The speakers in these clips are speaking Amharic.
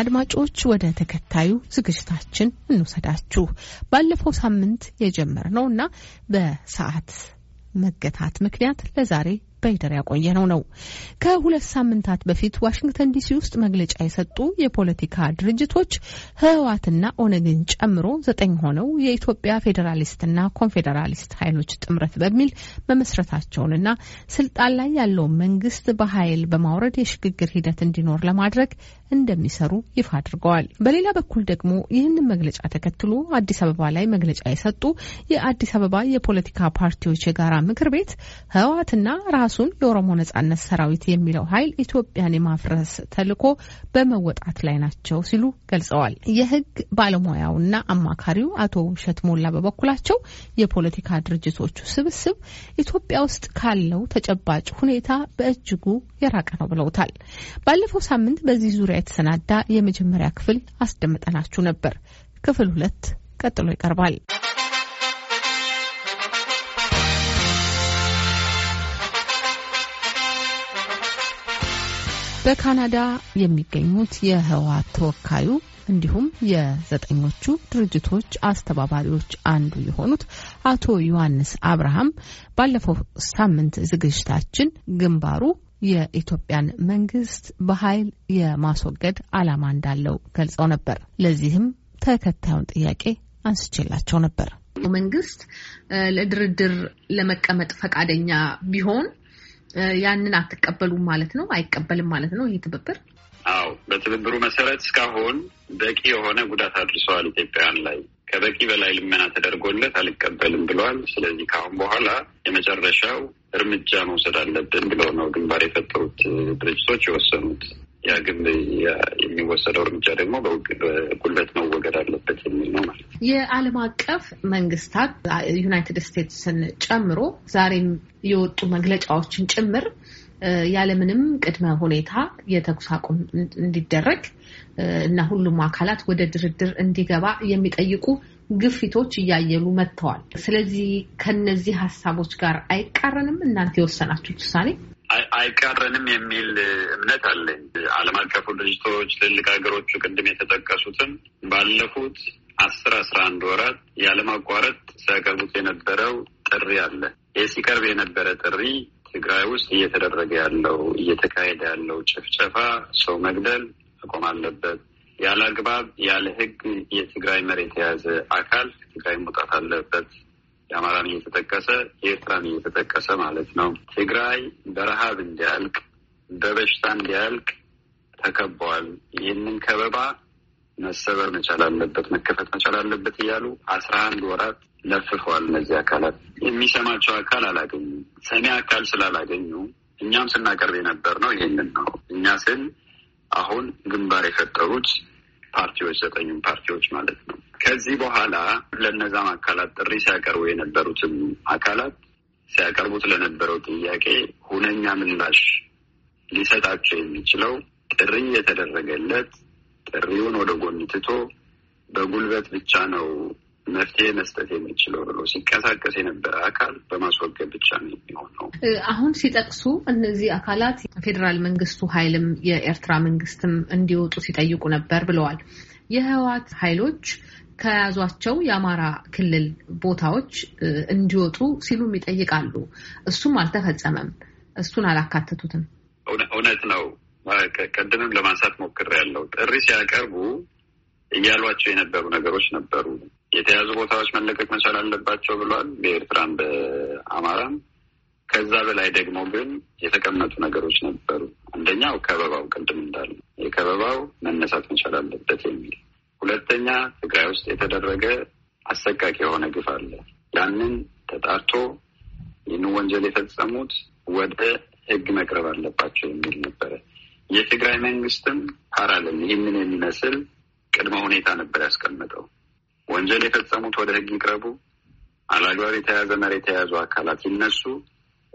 አድማጮች ወደ ተከታዩ ዝግጅታችን እንውሰዳችሁ። ባለፈው ሳምንት የጀመርነው እና በሰዓት መገታት ምክንያት ለዛሬ በይደር ያቆየ ነው። ከሁለት ሳምንታት በፊት ዋሽንግተን ዲሲ ውስጥ መግለጫ የሰጡ የፖለቲካ ድርጅቶች ህወሓትና ኦነግን ጨምሮ ዘጠኝ ሆነው የኢትዮጵያ ፌዴራሊስትና ኮንፌዴራሊስት ኃይሎች ጥምረት በሚል መመስረታቸውንና ስልጣን ላይ ያለውን መንግስት በኃይል በማውረድ የሽግግር ሂደት እንዲኖር ለማድረግ እንደሚሰሩ ይፋ አድርገዋል። በሌላ በኩል ደግሞ ይህንን መግለጫ ተከትሎ አዲስ አበባ ላይ መግለጫ የሰጡ የአዲስ አበባ የፖለቲካ ፓርቲዎች የጋራ ምክር ቤት ህወሓትና ራሱን የኦሮሞ ነጻነት ሰራዊት የሚለው ኃይል ኢትዮጵያን የማፍረስ ተልዕኮ በመወጣት ላይ ናቸው ሲሉ ገልጸዋል። የህግ ባለሙያውና አማካሪው አቶ ውብሸት ሞላ በበኩላቸው የፖለቲካ ድርጅቶቹ ስብስብ ኢትዮጵያ ውስጥ ካለው ተጨባጭ ሁኔታ በእጅጉ የራቀ ነው ብለውታል። ባለፈው ሳምንት በዚህ ዙሪያ የተሰናዳ የመጀመሪያ ክፍል አስደምጠናችሁ ነበር። ክፍል ሁለት ቀጥሎ ይቀርባል። በካናዳ የሚገኙት የህወሀት ተወካዩ እንዲሁም የዘጠኞቹ ድርጅቶች አስተባባሪዎች አንዱ የሆኑት አቶ ዮሐንስ አብርሃም ባለፈው ሳምንት ዝግጅታችን ግንባሩ የኢትዮጵያን መንግስት በኃይል የማስወገድ ዓላማ እንዳለው ገልጸው ነበር። ለዚህም ተከታዩን ጥያቄ አንስቼላቸው ነበር። መንግስት ለድርድር ለመቀመጥ ፈቃደኛ ቢሆን ያንን አትቀበሉም ማለት ነው? አይቀበልም ማለት ነው ይህ ትብብር? አዎ፣ በትብብሩ መሰረት እስካሁን በቂ የሆነ ጉዳት አድርሰዋል ኢትዮጵያውያን ላይ ከበቂ በላይ ልመና ተደርጎለት አልቀበልም ብለዋል። ስለዚህ ከአሁን በኋላ የመጨረሻው እርምጃ መውሰድ አለብን ብለው ነው ግንባር የፈጠሩት ድርጅቶች የወሰኑት። ያ ግን የሚወሰደው እርምጃ ደግሞ በጉልበት መወገድ አለበት የሚል ነው ማለት ነው። የዓለም አቀፍ መንግስታት ዩናይትድ ስቴትስን ጨምሮ ዛሬም የወጡ መግለጫዎችን ጭምር ያለምንም ቅድመ ሁኔታ የተኩስ አቁም እንዲደረግ እና ሁሉም አካላት ወደ ድርድር እንዲገባ የሚጠይቁ ግፊቶች እያየሉ መጥተዋል። ስለዚህ ከነዚህ ሀሳቦች ጋር አይቃረንም? እናንተ የወሰናችሁት ውሳኔ አይቃረንም የሚል እምነት አለኝ። ዓለም አቀፉ ድርጅቶች ትልልቅ ሀገሮቹ ቅድም የተጠቀሱትን ባለፉት አስር አስራ አንድ ወራት ያለማቋረጥ ሲያቀርቡት የነበረው ጥሪ አለ። ይህ ሲቀርብ የነበረ ጥሪ ትግራይ ውስጥ እየተደረገ ያለው እየተካሄደ ያለው ጭፍጨፋ፣ ሰው መግደል መቆም አለበት፣ ያለ አግባብ ያለ ሕግ የትግራይ መሬት የያዘ አካል ትግራይ መውጣት አለበት የአማራን እየተጠቀሰ የኤርትራን እየተጠቀሰ ማለት ነው። ትግራይ በረሃብ እንዲያልቅ በበሽታ እንዲያልቅ ተከበዋል። ይህንን ከበባ መሰበር መቻል አለበት፣ መከፈት መቻል አለበት እያሉ አስራ አንድ ወራት ለፍፈዋል። እነዚህ አካላት የሚሰማቸው አካል አላገኙም። ሰሚ አካል ስላላገኙ እኛም ስናቀርብ የነበር ነው። ይህንን ነው እኛ ስን አሁን ግንባር የፈጠሩት ፓርቲዎች ዘጠኙም ፓርቲዎች ማለት ነው። ከዚህ በኋላ ለነዛም አካላት ጥሪ ሲያቀርቡ የነበሩትም አካላት ሲያቀርቡት ለነበረው ጥያቄ ሁነኛ ምላሽ ሊሰጣቸው የሚችለው ጥሪ የተደረገለት ጥሪውን ወደ ጎን ትቶ በጉልበት ብቻ ነው መፍትሄ መስጠት የሚችለው ብሎ ሲንቀሳቀስ የነበረ አካል በማስወገድ ብቻ ነው የሚሆነው። አሁን ሲጠቅሱ እነዚህ አካላት ፌዴራል መንግስቱ ኃይልም የኤርትራ መንግስትም እንዲወጡ ሲጠይቁ ነበር ብለዋል። የህወሓት ኃይሎች ከያዟቸው የአማራ ክልል ቦታዎች እንዲወጡ ሲሉም ይጠይቃሉ። እሱም አልተፈጸመም። እሱን አላካተቱትም። እውነት ነው። ቅድምም ለማንሳት ሞክሬያለሁ። ጥሪ ሲያቀርቡ እያሏቸው የነበሩ ነገሮች ነበሩ። የተያዙ ቦታዎች መለቀቅ መቻል አለባቸው ብሏል፣ በኤርትራም በአማራም። ከዛ በላይ ደግሞ ግን የተቀመጡ ነገሮች ነበሩ። አንደኛው ከበባው፣ ቅድም እንዳለ የከበባው መነሳት መቻል አለበት የሚል ሁለተኛ፣ ትግራይ ውስጥ የተደረገ አሰቃቂ የሆነ ግፍ አለ። ያንን ተጣርቶ ይህን ወንጀል የፈጸሙት ወደ ህግ መቅረብ አለባቸው የሚል ነበረ። የትግራይ መንግስትም አራለን ይህንን የሚመስል ቅድመ ሁኔታ ነበር ያስቀመጠው። ወንጀል የፈጸሙት ወደ ህግ ይቅረቡ፣ አላግባብ የተያዘ መሬት የያዙ አካላት ይነሱ።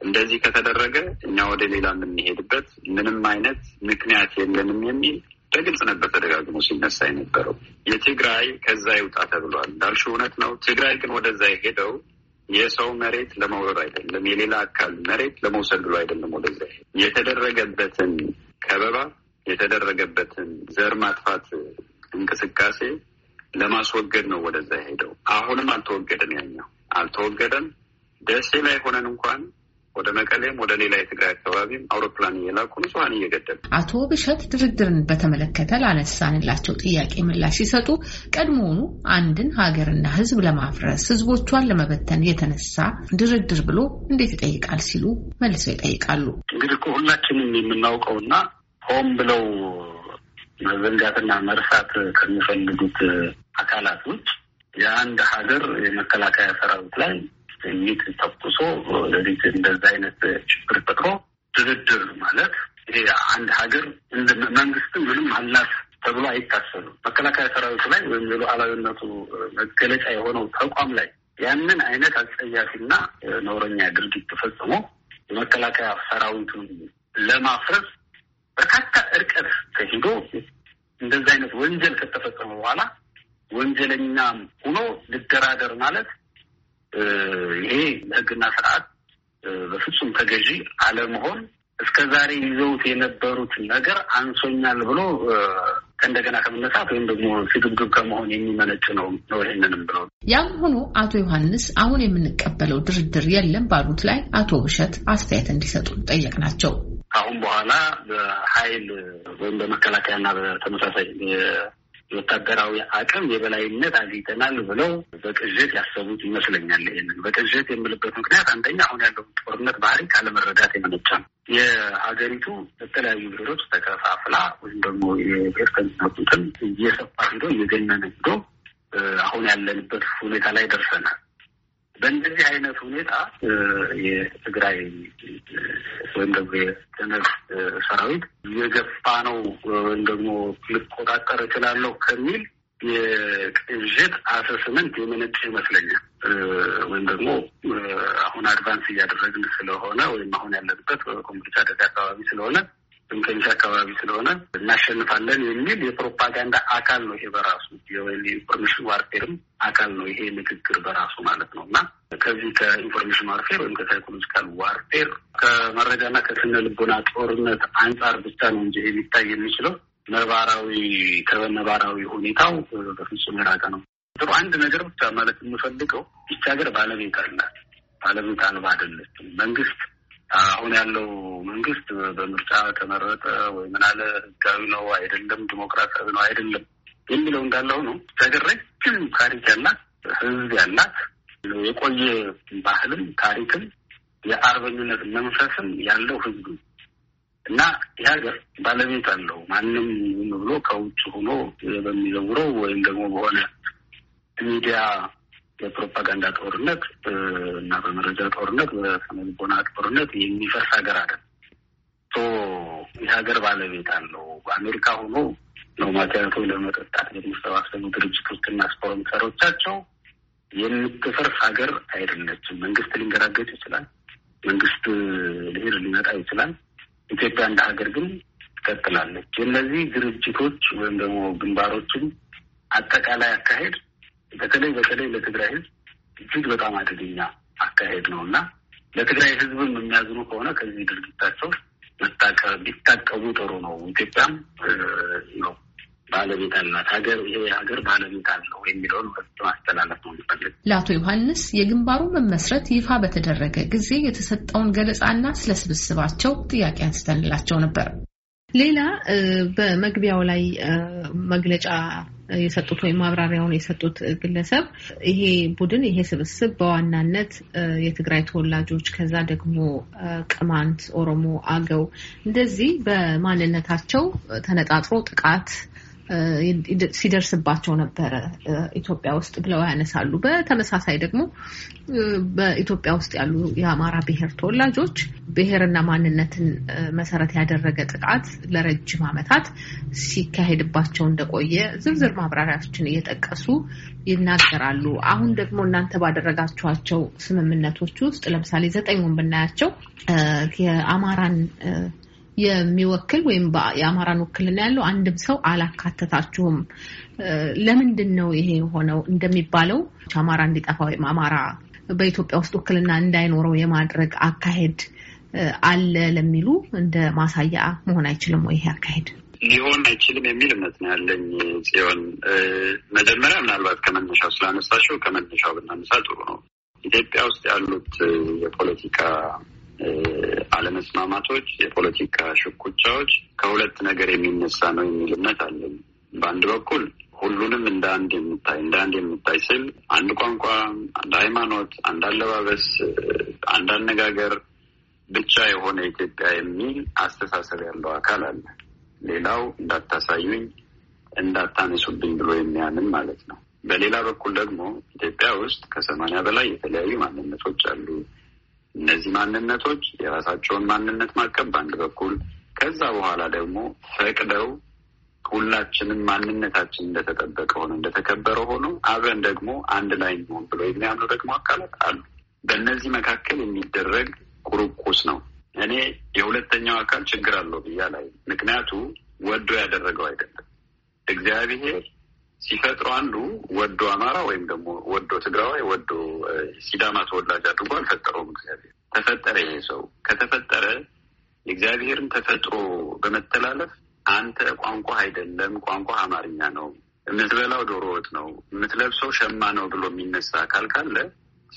እንደዚህ ከተደረገ እኛ ወደ ሌላ የምንሄድበት ምንም አይነት ምክንያት የለንም የሚል በግልጽ ነበር ተደጋግሞ ሲነሳ የነበረው። የትግራይ ከዛ ይውጣ ተብሏል እንዳልሽ እውነት ነው። ትግራይ ግን ወደዛ የሄደው የሰው መሬት ለመውረር አይደለም፣ የሌላ አካል መሬት ለመውሰድ ብሎ አይደለም። ወደዛ የተደረገበትን ከበባ የተደረገበትን ዘር ማጥፋት እንቅስቃሴ ለማስወገድ ነው ወደዛ የሄደው። አሁንም አልተወገደም፣ ያኛው አልተወገደም። ደሴ ላይ ሆነን እንኳን ወደ መቀሌም ወደ ሌላ የትግራይ አካባቢም አውሮፕላን እየላኩ ንጹሀን እየገደሉ። አቶ ብሸት ድርድርን በተመለከተ ላነሳንላቸው ጥያቄ ምላሽ ሲሰጡ ቀድሞውኑ አንድን ሀገርና ሕዝብ ለማፍረስ ሕዝቦቿን ለመበተን የተነሳ ድርድር ብሎ እንዴት ይጠይቃል ሲሉ መልሰው ይጠይቃሉ። እንግዲህ ሁላችንም የምናውቀውና ሆም ብለው መዘንጋትና መርሳት ከሚፈልጉት አካላት ውጭ የአንድ ሀገር የመከላከያ ሰራዊት ላይ ሚት ተኩሶ ወደፊት እንደዛ አይነት ችግር ፈጥሮ ድርድር ማለት ይሄ አንድ ሀገር መንግስት ምንም አላት ተብሎ አይታሰብም። መከላከያ ሰራዊቱ ላይ ወይም የሉዓላዊነቱ መገለጫ የሆነው ተቋም ላይ ያንን አይነት አጸያፊና ነውረኛ ድርጊት ተፈጽሞ የመከላከያ ሰራዊቱን ለማፍረስ በርካታ እርቀት ተሂዶ እንደዚህ አይነት ወንጀል ከተፈጸመ በኋላ ወንጀለኛም ሆኖ ልደራደር ማለት ይሄ ለህግና ስርዓት በፍጹም ተገዢ አለመሆን እስከ ዛሬ ይዘውት የነበሩት ነገር አንሶኛል ብሎ ከእንደገና ከመነሳት ወይም ደግሞ ስግብግብ ከመሆን የሚመነጭ ነው ነው ይህንንም ብለው ያም ሆኖ አቶ ዮሐንስ አሁን የምንቀበለው ድርድር የለም ባሉት ላይ አቶ ብሸት አስተያየት እንዲሰጡን ጠየቅናቸው። ከአሁን በኋላ በኃይል ወይም በመከላከያና በተመሳሳይ ወታደራዊ አቅም የበላይነት አግኝተናል ብለው በቅዥት ያሰቡት ይመስለኛል። ይህንን በቅዥት የምልበት ምክንያት አንደኛ አሁን ያለው ጦርነት ባህሪ ካለመረዳት የመነጫ ነው። የሀገሪቱ በተለያዩ ብሔሮች ተከፋፍላ ወይም ደግሞ የብሔር እየሰፋ ሂዶ እየገነነ ሂዶ አሁን ያለንበት ሁኔታ ላይ ደርሰናል። በእንደዚህ አይነት ሁኔታ የትግራይ ወይም ደግሞ የትነግ ሰራዊት የገፋ ነው ወይም ደግሞ ልቆጣጠር እችላለሁ ከሚል የቅዥት አሰስመንት የመነጭ ይመስለኛል። ወይም ደግሞ አሁን አድቫንስ እያደረግን ስለሆነ ወይም አሁን ያለንበት ኮምፒቻ ደጋ አካባቢ ስለሆነ ከሚሽ አካባቢ ስለሆነ እናሸንፋለን የሚል የፕሮፓጋንዳ አካል ነው ይሄ በራሱ የኢንፎርሜሽን ዋርፌርም አካል ነው ይሄ ንግግር በራሱ ማለት ነው እና ከዚህ ከኢንፎርሜሽን ዋርፌር ወይም ከሳይኮሎጂካል ዋርፌር ከመረጃና ከስነ ልቦና ጦርነት አንጻር ብቻ ነው እንጂ ይሄ ሊታይ የሚችለው ነባራዊ ከነባራዊ ሁኔታው በፍጹም የራቀ ነው። ጥሩ አንድ ነገር ብቻ ማለት የምፈልገው ይቺ ሀገር ባለቤት አላት። ባለቤት አልባ አይደለችም። መንግስት አሁን ያለው መንግስት በምርጫ ተመረጠ ወይ ምን አለ ህጋዊ ነው አይደለም፣ ዲሞክራሲያዊ ነው አይደለም የሚለው እንዳለው ነው። ነገር ረጅም ታሪክ ያላት ህዝብ ያላት የቆየ ባህልም ታሪክም የአርበኝነት መንፈስም ያለው ህዝብ እና የሀገር ባለቤት አለው። ማንም ዝም ብሎ ከውጭ ሆኖ በሚዘውረው ወይም ደግሞ በሆነ ሚዲያ የፕሮፓጋንዳ ጦርነት እና በመረጃ ጦርነት፣ በስነልቦና ጦርነት የሚፈርስ ሀገር አለ ቶ የሀገር ባለቤት አለው። በአሜሪካ ሆኖ ነው ማቲያቶ ለመጠጣት የሚሰባሰቡ ድርጅቶችና ስፖንሰሮቻቸው የምትፈርስ ሀገር አይደለችም። መንግስት ሊንገራገጭ ይችላል። መንግስት ሊሄድ ሊመጣ ይችላል። ኢትዮጵያ እንደ ሀገር ግን ትቀጥላለች። የእነዚህ ድርጅቶች ወይም ደግሞ ግንባሮችን አጠቃላይ አካሄድ በተለይ በተለይ ለትግራይ ህዝብ እጅግ በጣም አደገኛ አካሄድ ነው እና ለትግራይ ህዝብም የሚያዝኑ ከሆነ ከዚህ ድርጊታቸው ቢታቀቡ ጥሩ ነው። ኢትዮጵያም ነው ባለቤት አላት ሀገር ይሄ ሀገር ባለቤት አለው የሚለውን ማስተላለፍ ነው የሚፈልግ። ለአቶ ዮሐንስ የግንባሩ መመስረት ይፋ በተደረገ ጊዜ የተሰጠውን ገለጻና ስለ ስብስባቸው ጥያቄ አንስተንላቸው ነበር። ሌላ በመግቢያው ላይ መግለጫ የሰጡት ወይም ማብራሪያውን የሰጡት ግለሰብ ይሄ ቡድን ይሄ ስብስብ በዋናነት የትግራይ ተወላጆች ከዛ ደግሞ ቅማንት፣ ኦሮሞ፣ አገው እንደዚህ በማንነታቸው ተነጣጥሮ ጥቃት ሲደርስባቸው ነበረ ኢትዮጵያ ውስጥ ብለው ያነሳሉ። በተመሳሳይ ደግሞ በኢትዮጵያ ውስጥ ያሉ የአማራ ብሔር ተወላጆች ብሔርና ማንነትን መሰረት ያደረገ ጥቃት ለረጅም ዓመታት ሲካሄድባቸው እንደቆየ ዝርዝር ማብራሪያዎችን እየጠቀሱ ይናገራሉ። አሁን ደግሞ እናንተ ባደረጋችኋቸው ስምምነቶች ውስጥ ለምሳሌ ዘጠኙን ብናያቸው የአማራን የሚወክል ወይም የአማራን ውክልና ያለው አንድም ሰው አላካተታችሁም። ለምንድን ነው ይሄ የሆነው? እንደሚባለው አማራ እንዲጠፋ ወይም አማራ በኢትዮጵያ ውስጥ ውክልና እንዳይኖረው የማድረግ አካሄድ አለ ለሚሉ እንደ ማሳያ መሆን አይችልም ወይ ይሄ አካሄድ? ሊሆን አይችልም የሚል እምነት ነው ያለኝ ጽዮን፣ መጀመሪያ ምናልባት ከመነሻው ስላነሳሽው ከመነሻው ብናነሳ ጥሩ ነው። ኢትዮጵያ ውስጥ ያሉት የፖለቲካ አለመስማማቶች፣ የፖለቲካ ሽኩቻዎች ከሁለት ነገር የሚነሳ ነው የሚል እምነት አለኝ። በአንድ በኩል ሁሉንም እንደ አንድ የምታይ እንደ አንድ የምታይ ስል አንድ ቋንቋ፣ አንድ ሃይማኖት፣ አንድ አለባበስ፣ አንድ አነጋገር ብቻ የሆነ ኢትዮጵያ የሚል አስተሳሰብ ያለው አካል አለ። ሌላው እንዳታሳዩኝ፣ እንዳታነሱብኝ ብሎ የሚያምን ማለት ነው። በሌላ በኩል ደግሞ ኢትዮጵያ ውስጥ ከሰማንያ በላይ የተለያዩ ማንነቶች አሉ። እነዚህ ማንነቶች የራሳቸውን ማንነት ማቀብ በአንድ በኩል ከዛ በኋላ ደግሞ ፈቅደው ሁላችንም ማንነታችን እንደተጠበቀ ሆነ እንደተከበረ ሆኖ አብረን ደግሞ አንድ ላይ እንሆን ብሎ የሚያምኑ ደግሞ አካላት አሉ። በእነዚህ መካከል የሚደረግ ቁርቁስ ነው። እኔ የሁለተኛው አካል ችግር አለው ብያ ላይ ምክንያቱ ወዶ ያደረገው አይደለም። እግዚአብሔር ሲፈጥሮ አንዱ ወዶ አማራ ወይም ደግሞ ወዶ ትግራዋይ ወዶ ሲዳማ ተወላጅ አድርጎ አልፈጠረውም። እግዚአብሔር ተፈጠረ። ይሄ ሰው ከተፈጠረ የእግዚአብሔርን ተፈጥሮ በመተላለፍ አንተ ቋንቋ አይደለም፣ ቋንቋ አማርኛ ነው፣ የምትበላው ዶሮ ወጥ ነው፣ የምትለብሰው ሸማ ነው ብሎ የሚነሳ አካል ካለ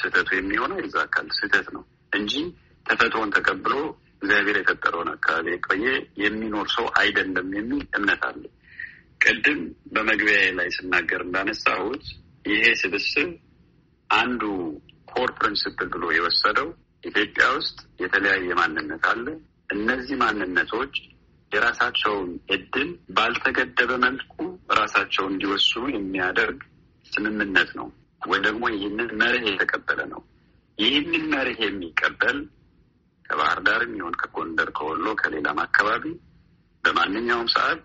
ስህተቱ የሚሆነው የዛ አካል ስህተት ነው እንጂ ተፈጥሮን ተቀብሎ እግዚአብሔር የፈጠረውን አካባቢ የቆየ የሚኖር ሰው አይደለም የሚል እምነት አለ። ቅድም በመግቢያ ላይ ስናገር እንዳነሳሁት ይሄ ስብስብ አንዱ ኮር ፕሪንስፕል ብሎ የወሰደው ኢትዮጵያ ውስጥ የተለያየ ማንነት አለ። እነዚህ ማንነቶች የራሳቸውን እድል ባልተገደበ መልኩ ራሳቸውን እንዲወስኑ የሚያደርግ ስምምነት ነው ወይ ደግሞ ይህንን መርህ የተቀበለ ነው። ይህንን መርህ የሚቀበል ከባህር ዳርም ይሁን ከጎንደር፣ ከወሎ፣ ከሌላም አካባቢ በማንኛውም ሰዓት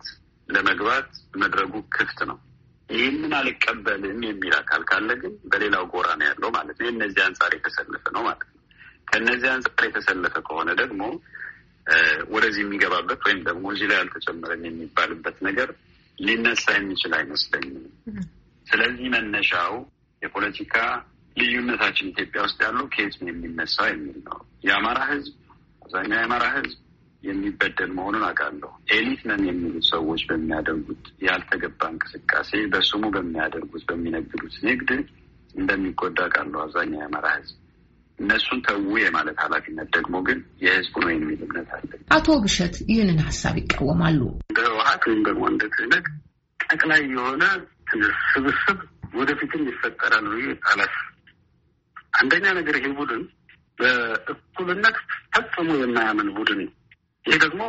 ለመግባት መድረጉ ክፍት ነው። ይህንን አልቀበልም የሚል አካል ካለ ግን በሌላው ጎራ ነው ያለው ማለት ነው። የእነዚህ አንጻር የተሰለፈ ነው ማለት ነው። ከእነዚህ አንጻር የተሰለፈ ከሆነ ደግሞ ወደዚህ የሚገባበት ወይም ደግሞ እዚህ ላይ አልተጨመረም የሚባልበት ነገር ሊነሳ የሚችል አይመስለኝም። ስለዚህ መነሻው የፖለቲካ ልዩነታችን ኢትዮጵያ ውስጥ ያለው ከየት ነው የሚነሳው የሚል ነው። የአማራ ህዝብ አብዛኛው የአማራ ህዝብ የሚበደል መሆኑን አውቃለሁ። ኤሊት ነን የሚሉት ሰዎች በሚያደርጉት ያልተገባ እንቅስቃሴ፣ በስሙ በሚያደርጉት በሚነግዱት ንግድ እንደሚጎዳ አውቃለሁ አብዛኛው የአማራ ህዝብ። እነሱን ተዉ የማለት ኃላፊነት ደግሞ ግን የህዝቡ ነው የሚል እምነት አለ። አቶ ብሸት ይህንን ሀሳብ ይቃወማሉ። እንደ ህወሀት ወይም ደግሞ እንደ ትህነግ ጠቅላይ የሆነ ስብስብ ወደፊትም ይፈጠራል ብዬ አላስብም። አንደኛ ነገር ይህ ቡድን በእኩልነት ፈጽሞ የማያምን ቡድን ነው። ይህ ደግሞ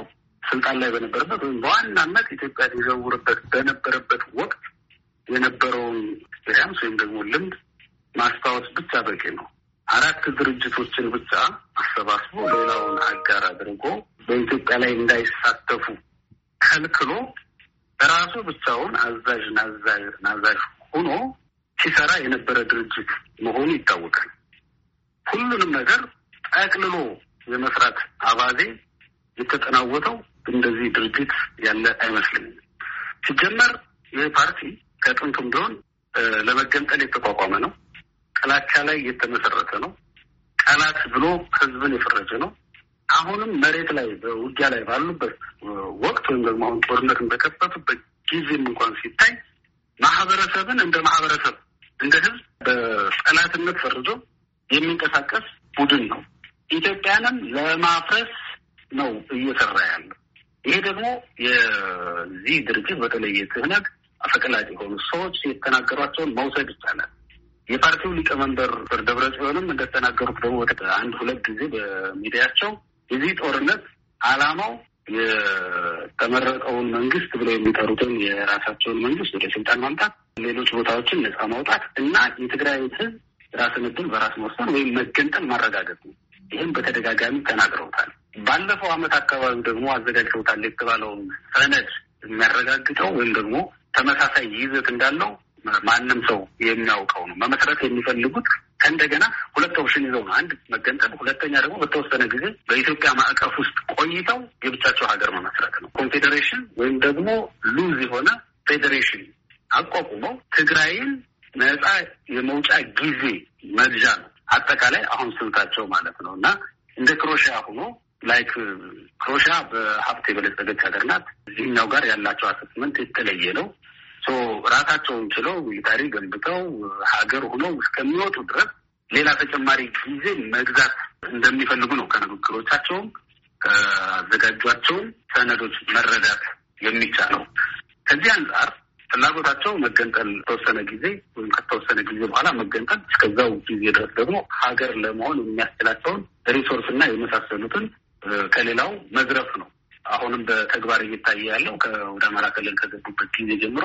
ስልጣን ላይ በነበረበት ወይም በዋናነት ኢትዮጵያ ሊዘውርበት በነበረበት ወቅት የነበረውን ኤክስፔሪያንስ ወይም ደግሞ ልምድ ማስታወስ ብቻ በቂ ነው። አራት ድርጅቶችን ብቻ አሰባስቦ ሌላውን አጋር አድርጎ በኢትዮጵያ ላይ እንዳይሳተፉ ከልክሎ ራሱ ብቻውን አዛዥ ናዛዥ ሆኖ ሲሰራ የነበረ ድርጅት መሆኑ ይታወቃል። ሁሉንም ነገር ጠቅልሎ የመስራት አባዜ የተጠናወተው እንደዚህ ድርጅት ያለ አይመስለኝም። ሲጀመር ይህ ፓርቲ ከጥንቱም ቢሆን ለመገንጠል የተቋቋመ ነው። ጥላቻ ላይ የተመሰረተ ነው። ጠላት ብሎ ህዝብን የፈረጀ ነው። አሁንም መሬት ላይ በውጊያ ላይ ባሉበት ወቅት ወይም ደግሞ አሁን ጦርነትን በከፈቱበት ጊዜም እንኳን ሲታይ ማህበረሰብን እንደ ማህበረሰብ እንደ ህዝብ በጠላትነት ፈርጆ የሚንቀሳቀስ ቡድን ነው። ኢትዮጵያንም ለማፍረስ ነው እየሰራ ያለው። ይሄ ደግሞ የዚህ ድርጅት በተለየ የክህነት አፈቀላጭ የሆኑ ሰዎች የተናገሯቸውን መውሰድ ይቻላል። የፓርቲው ሊቀመንበር ፍር ደብረ ጽዮንም እንደተናገሩት ደግሞ አንድ ሁለት ጊዜ በሚዲያቸው የዚህ ጦርነት ዓላማው የተመረቀውን መንግስት ብለው የሚጠሩትን የራሳቸውን መንግስት ወደ ስልጣን ማምጣት፣ ሌሎች ቦታዎችን ነጻ ማውጣት እና የትግራይ ህዝብ ራስን ዕድል በራስ መወሰን ወይም መገንጠል ማረጋገጥ ነው። ይህም በተደጋጋሚ ተናግረውታል። ባለፈው አመት አካባቢ ደግሞ አዘጋጅተውታል የተባለውን ሰነድ የሚያረጋግጠው ወይም ደግሞ ተመሳሳይ ይዘት እንዳለው ማንም ሰው የሚያውቀው ነው። መመስረት የሚፈልጉት ከእንደገና ሁለት ኦፕሽን ይዘው ነው። አንድ መገንጠል፣ ሁለተኛ ደግሞ በተወሰነ ጊዜ በኢትዮጵያ ማዕቀፍ ውስጥ ቆይተው የብቻቸው ሀገር መመስረት ነው። ኮንፌዴሬሽን ወይም ደግሞ ሉዝ የሆነ ፌዴሬሽን አቋቁመው ትግራይን ነፃ የመውጫ ጊዜ መግዣ ነው አጠቃላይ አሁን ስልታቸው ማለት ነው እና እንደ ክሮሽያ ሆኖ ላይክ ክሮሽያ በሀብት የበለጸገች ሀገር ናት። እዚህኛው ጋር ያላቸው አሰስመንት የተለየ ነው። ራሳቸውን ችለው ሚሊታሪ ገንብተው ሀገር ሁነው እስከሚወጡ ድረስ ሌላ ተጨማሪ ጊዜ መግዛት እንደሚፈልጉ ነው ከንግግሮቻቸውም ከአዘጋጇቸውም ሰነዶች መረዳት የሚቻለው። ከዚህ አንጻር ፍላጎታቸው መገንጠል ተወሰነ ጊዜ ወይም ከተወሰነ ጊዜ በኋላ መገንጠል፣ እስከዛው ጊዜ ድረስ ደግሞ ሀገር ለመሆን የሚያስችላቸውን ሪሶርስ እና የመሳሰሉትን ከሌላው መዝረፍ ነው። አሁንም በተግባር እየታየ ያለው ከወደ አማራ ክልል ከገቡበት ጊዜ ጀምሮ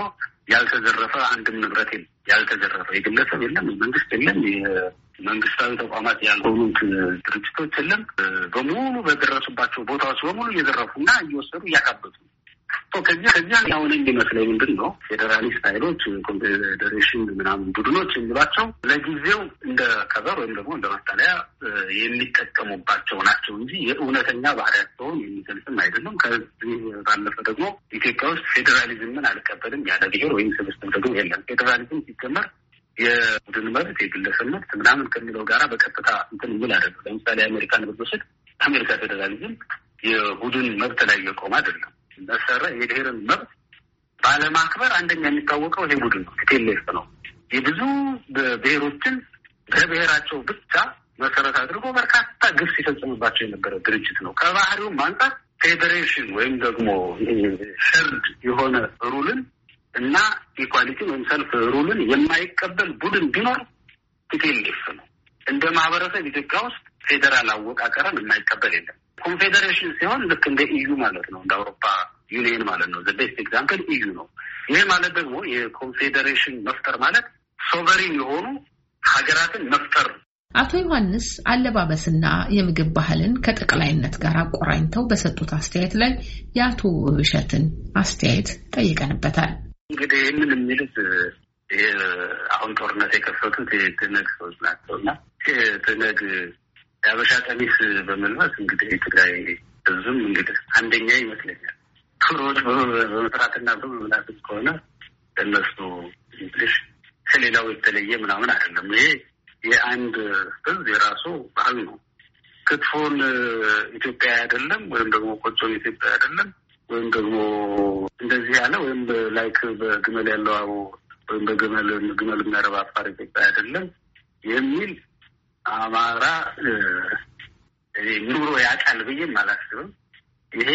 ያልተዘረፈ አንድም ንብረት የለም። ያልተዘረፈ የግለሰብ የለም፣ የመንግስት የለም፣ የመንግስታዊ ተቋማት ያልሆኑት ድርጅቶች የለም። በሙሉ በደረሱባቸው ቦታዎች በሙሉ እየዘረፉ እና እየወሰዱ እያካበቱ ከዚህ ከዚህ አሁን የሚመስለኝ ምንድን ነው ፌዴራሊስት ኃይሎች ኮንፌዴሬሽን ምናምን ቡድኖች የሚሏቸው ለጊዜው እንደ ከበር ወይም ደግሞ እንደ መጠለያ የሚጠቀሙባቸው ናቸው እንጂ የእውነተኛ ባህሪያቸውን የሚገልጽም አይደለም። ከዚህ ባለፈ ደግሞ ኢትዮጵያ ውስጥ ፌዴራሊዝምን አልቀበልም ያለ ብሔር ወይም ስብስብ ደግሞ የለም። ፌዴራሊዝም ሲጀመር የቡድን መብት፣ የግለሰብ መብት ምናምን ከሚለው ጋራ በቀጥታ እንትን የሚል አይደለም። ለምሳሌ አሜሪካን ብንወስድ አሜሪካ ፌዴራሊዝም የቡድን መብት ላይ የቆመ አይደለም። መሰረ የብሔርን መብት ባለማክበር አንደኛ የሚታወቀው ይሄ ቡድን ነው፣ ቴሌፍ ነው። የብዙ ብሔሮችን በብሔራቸው ብቻ መሰረት አድርጎ በርካታ ግብ ሲፈጽምባቸው የነበረ ድርጅት ነው። ከባህሪውም አንጻር ፌዴሬሽን ወይም ደግሞ ሸርድ የሆነ ሩልን እና ኢኳሊቲን ወይም ሰልፍ ሩልን የማይቀበል ቡድን ቢኖር ቴሌፍ ነው። እንደ ማህበረሰብ ኢትዮጵያ ውስጥ ፌዴራል አወቃቀረን የማይቀበል የለም። ኮንፌዴሬሽን ሲሆን ልክ እንደ ኢዩ ማለት ነው፣ እንደ አውሮፓ ዩኒየን ማለት ነው። ዘቤስት ኤግዛምፕል ኢዩ ነው። ይህ ማለት ደግሞ የኮንፌዴሬሽን መፍጠር ማለት ሶቨሪን የሆኑ ሀገራትን መፍጠር ነው። አቶ ዮሐንስ አለባበስና የምግብ ባህልን ከጠቅላይነት ጋር አቆራኝተው በሰጡት አስተያየት ላይ የአቶ ውብሸትን አስተያየት ጠይቀንበታል። እንግዲህ ይህንን የሚሉት አሁን ጦርነት የከፈቱት የትነግ ሰዎች ናቸው እና ትነግ የሀበሻ ቀሚስ በመልበስ እንግዲህ የትግራይ ህዝብም እንግዲህ አንደኛ ይመስለኛል። ክሮች በመስራትና በመብላት ከሆነ ለነሱ እንግዲህ ከሌላው የተለየ ምናምን አይደለም። ይሄ የአንድ ህዝብ የራሱ ባህል ነው። ክትፎን ኢትዮጵያ አይደለም ወይም ደግሞ ቆጮን ኢትዮጵያ አይደለም ወይም ደግሞ እንደዚህ ያለ ወይም ላይክ በግመል ያለው ወይም በግመል ግመል የሚያረባ አፋር ኢትዮጵያ አይደለም የሚል አማራ ኑሮ ያውቃል ብዬ አላስብም። ይሄ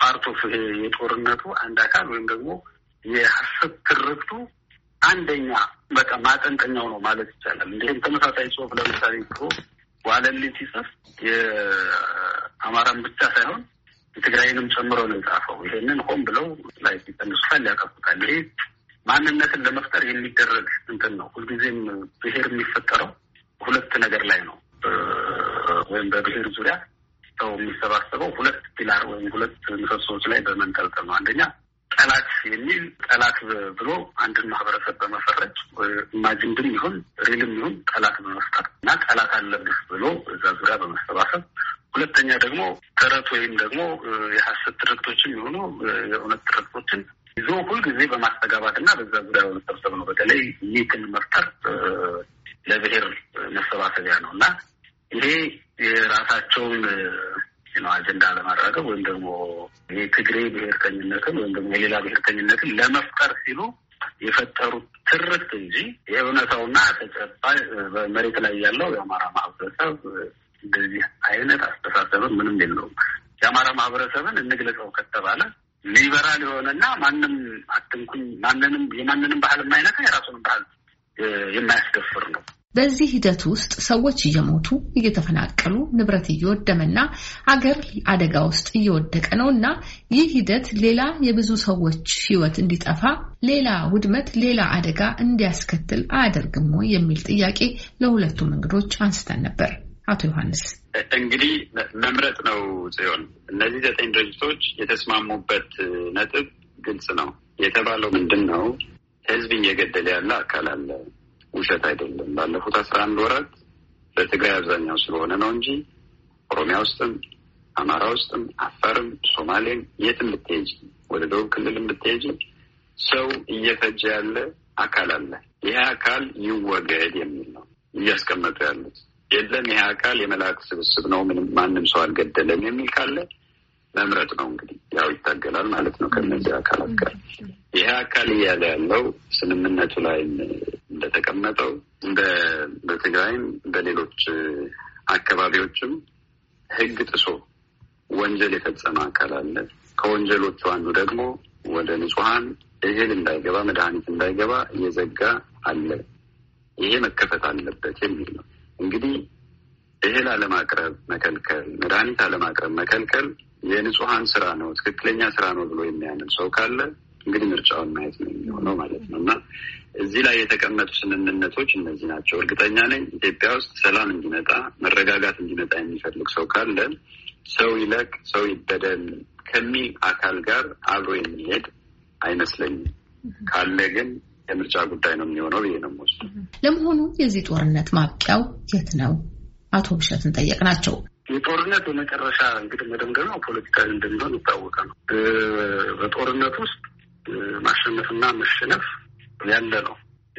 ፓርት ኦፍ የጦርነቱ አንድ አካል ወይም ደግሞ የሀሰብ ትርክቱ አንደኛ በቃ ማጠንቀኛው ነው ማለት ይቻላል። እንዲህም ተመሳሳይ ጽሁፍ ለምሳሌ ድሮ ዋለልኝ ሲጽፍ የአማራን ብቻ ሳይሆን የትግራይንም ጨምሮ ነው የጻፈው። ይሄንን ሆን ብለው ላይ ጠንሱታል፣ ያቀፉታል። ይሄ ማንነትን ለመፍጠር የሚደረግ እንትን ነው። ሁልጊዜም ብሄር የሚፈጠረው ሁለት ነገር ላይ ነው ወይም በብሔር ዙሪያ ሰው የሚሰባሰበው ሁለት ፒላር ወይም ሁለት ምሰሶዎች ላይ በመንጠልጠል ነው። አንደኛ ጠላት የሚል ጠላት ብሎ አንድን ማህበረሰብ በመፈረጅ ኢማጅንድም ይሁን ሪልም ይሁን ጠላት በመፍጠር እና ጠላት አለብህ ብሎ እዛ ዙሪያ በመሰባሰብ ሁለተኛ ደግሞ ተረት ወይም ደግሞ የሀሰት ትርክቶችን የሆኑ የእውነት ትርክቶችን ይዞ ሁልጊዜ በማስተጋባት እና በዛ ዙሪያ በመሰብሰብ ነው። በተለይ ሚትን መፍጠር ለብሔር መሰባሰቢያ ነው እና ይሄ የራሳቸውን አጀንዳ ለማራገብ ወይም ደግሞ የትግሬ ብሔርተኝነትን ወይም ደግሞ የሌላ ብሔርተኝነትን ለመፍጠር ሲሉ የፈጠሩት ትርክት እንጂ የእውነታውና ተጨባጭ በመሬት ላይ ያለው የአማራ ማህበረሰብ እንደዚህ አይነት አስተሳሰብን ምንም የለውም። የአማራ ማህበረሰብን እንግለጸው ከተባለ ሊበራል የሆነና ማንም አትንኩኝ፣ ማንንም የማንንም ባህል የማይነካ የራሱንም ባህል የማያስደፍር ነው። በዚህ ሂደት ውስጥ ሰዎች እየሞቱ እየተፈናቀሉ ንብረት እየወደመና አገር አደጋ ውስጥ እየወደቀ ነው እና ይህ ሂደት ሌላ የብዙ ሰዎች ሕይወት እንዲጠፋ ሌላ ውድመት፣ ሌላ አደጋ እንዲያስከትል አያደርግም ወይ የሚል ጥያቄ ለሁለቱም እንግዶች አንስተን ነበር። አቶ ዮሐንስ እንግዲህ መምረጥ ነው ሲሆን እነዚህ ዘጠኝ ድርጅቶች የተስማሙበት ነጥብ ግልጽ ነው የተባለው ምንድን ነው ህዝብ እየገደለ ያለ አካል አለ። ውሸት አይደለም። ባለፉት አስራ አንድ ወራት በትግራይ አብዛኛው ስለሆነ ነው እንጂ ኦሮሚያ ውስጥም አማራ ውስጥም አፋርም ሶማሌም የትም ብትሄጂ ወደ ደቡብ ክልልም ብትሄጂ ሰው እየፈጀ ያለ አካል አለ። ይሄ አካል ይወገድ የሚል ነው እያስቀመጡ ያሉት። የለም ይሄ አካል የመላእክት ስብስብ ነው፣ ምንም ማንም ሰው አልገደለም የሚል ካለ መምረጥ ነው እንግዲህ ያው ይታገላል ማለት ነው ከነዚህ አካላት ጋር። ይሄ አካል እያለ ያለው ስምምነቱ ላይ እንደተቀመጠው በትግራይም በሌሎች አካባቢዎችም ህግ ጥሶ ወንጀል የፈጸመ አካል አለ። ከወንጀሎቹ አንዱ ደግሞ ወደ ንጹሀን እህል እንዳይገባ መድኃኒት እንዳይገባ እየዘጋ አለ። ይሄ መከፈት አለበት የሚል ነው እንግዲህ እህል አለማቅረብ መከልከል፣ መድኃኒት አለማቅረብ መከልከል የንጹሀን ስራ ነው ትክክለኛ ስራ ነው ብሎ የሚያምን ሰው ካለ እንግዲህ ምርጫውን ማየት ነው የሚሆነው ማለት ነው እና እዚህ ላይ የተቀመጡ ስምምነቶች እነዚህ ናቸው። እርግጠኛ ነኝ ኢትዮጵያ ውስጥ ሰላም እንዲመጣ መረጋጋት እንዲመጣ የሚፈልግ ሰው ካለ ሰው ይለቅ ሰው ይበደል ከሚል አካል ጋር አብሮ የሚሄድ አይመስለኝም። ካለ ግን የምርጫ ጉዳይ ነው የሚሆነው ብዬ ነው የምወስደው። ለመሆኑ የዚህ ጦርነት ማብቂያው የት ነው? አቶ ብሸትን ጠየቅናቸው። የጦርነት የመጨረሻ እንግዲህ መደምደሚያው ፖለቲካዊ እንደሚሆን ይታወቀ ነው። በጦርነት ውስጥ ማሸነፍና መሸነፍ ያለ ነው።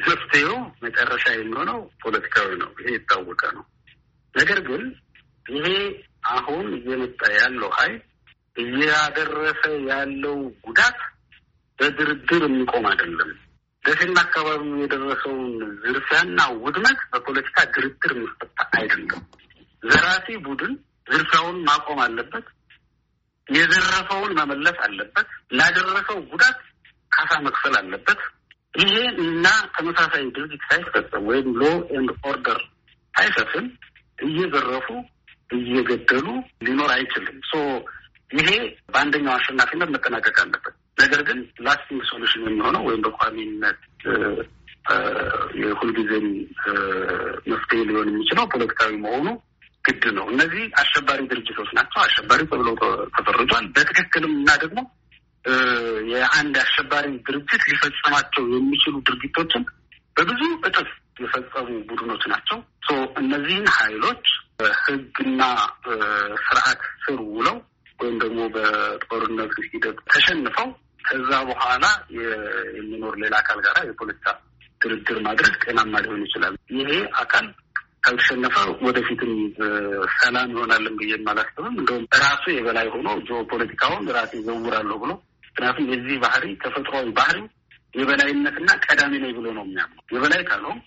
መፍትሄው መጨረሻ የሚሆነው ፖለቲካዊ ነው። ይሄ ይታወቀ ነው። ነገር ግን ይሄ አሁን እየመጣ ያለው ኃይል እያደረሰ ያለው ጉዳት በድርድር የሚቆም አይደለም። ደሴና አካባቢው የደረሰውን ዝርፊያና ውድመት በፖለቲካ ድርድር የሚፈታ አይደለም። ዘራፊ ቡድን ዝርፊያውን ማቆም አለበት። የዘረፈውን መመለስ አለበት። ላደረሰው ጉዳት ካሳ መክፈል አለበት። ይሄ እና ተመሳሳይ ድርጊት ሳይፈጸም ወይም ሎ ኤንድ ኦርደር ሳይሰፍን እየዘረፉ እየገደሉ ሊኖር አይችልም። ሶ ይሄ በአንደኛው አሸናፊነት መጠናቀቅ አለበት። ነገር ግን ላስቲንግ ሶሉሽን የሚሆነው ወይም በቋሚነት የሁልጊዜም መፍትሄ ሊሆን የሚችለው ፖለቲካዊ መሆኑ ግድ ነው። እነዚህ አሸባሪ ድርጅቶች ናቸው። አሸባሪ ተብሎ ተፈርጇል። በትክክልም እና ደግሞ የአንድ አሸባሪ ድርጅት ሊፈጸማቸው የሚችሉ ድርጊቶችን በብዙ እጥፍ የፈጸሙ ቡድኖች ናቸው። እነዚህን ኃይሎች ሕግና ስርዓት ስር ውለው ወይም ደግሞ በጦርነት ሂደት ተሸንፈው ከዛ በኋላ የሚኖር ሌላ አካል ጋራ የፖለቲካ ድርድር ማድረግ ጤናማ ሊሆን ይችላል። ይሄ አካል ካልተሸነፈ ወደፊትም ሰላም ይሆናልን ብዬ ማላስብም። እንደውም ራሱ የበላይ ሆኖ ጂኦፖለቲካውን ራሴ ዘውራለሁ ብሎ ምክንያቱም የዚህ ባህሪ ተፈጥሯዊ ባህሪ የበላይነትና ቀዳሚ ነኝ ብሎ ነው የሚያምነው። የበላይ ካልሆንኩ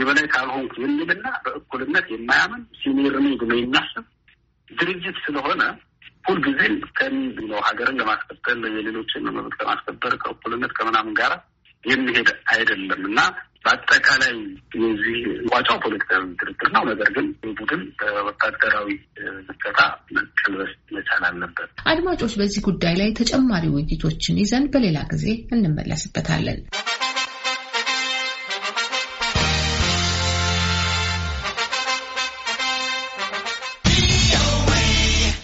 የበላይ ካልሆንኩ የሚልና በእኩልነት የማያምን ሲኒየር ነኝ ብሎ የሚያስብ ድርጅት ስለሆነ ሁልጊዜም ከን ነው ሀገርን ለማስከበር የሌሎችን መብት ለማስከበር ከእኩልነት ከምናምን ጋራ የሚሄድ አይደለም እና በአጠቃላይ የዚህ ዋጫው ፖለቲካዊ ድርድር ነው። ነገር ግን ቡድን በወታደራዊ ምከታ መቀልበስ መቻል አለበት። አድማጮች፣ በዚህ ጉዳይ ላይ ተጨማሪ ውይይቶችን ይዘን በሌላ ጊዜ እንመለስበታለን።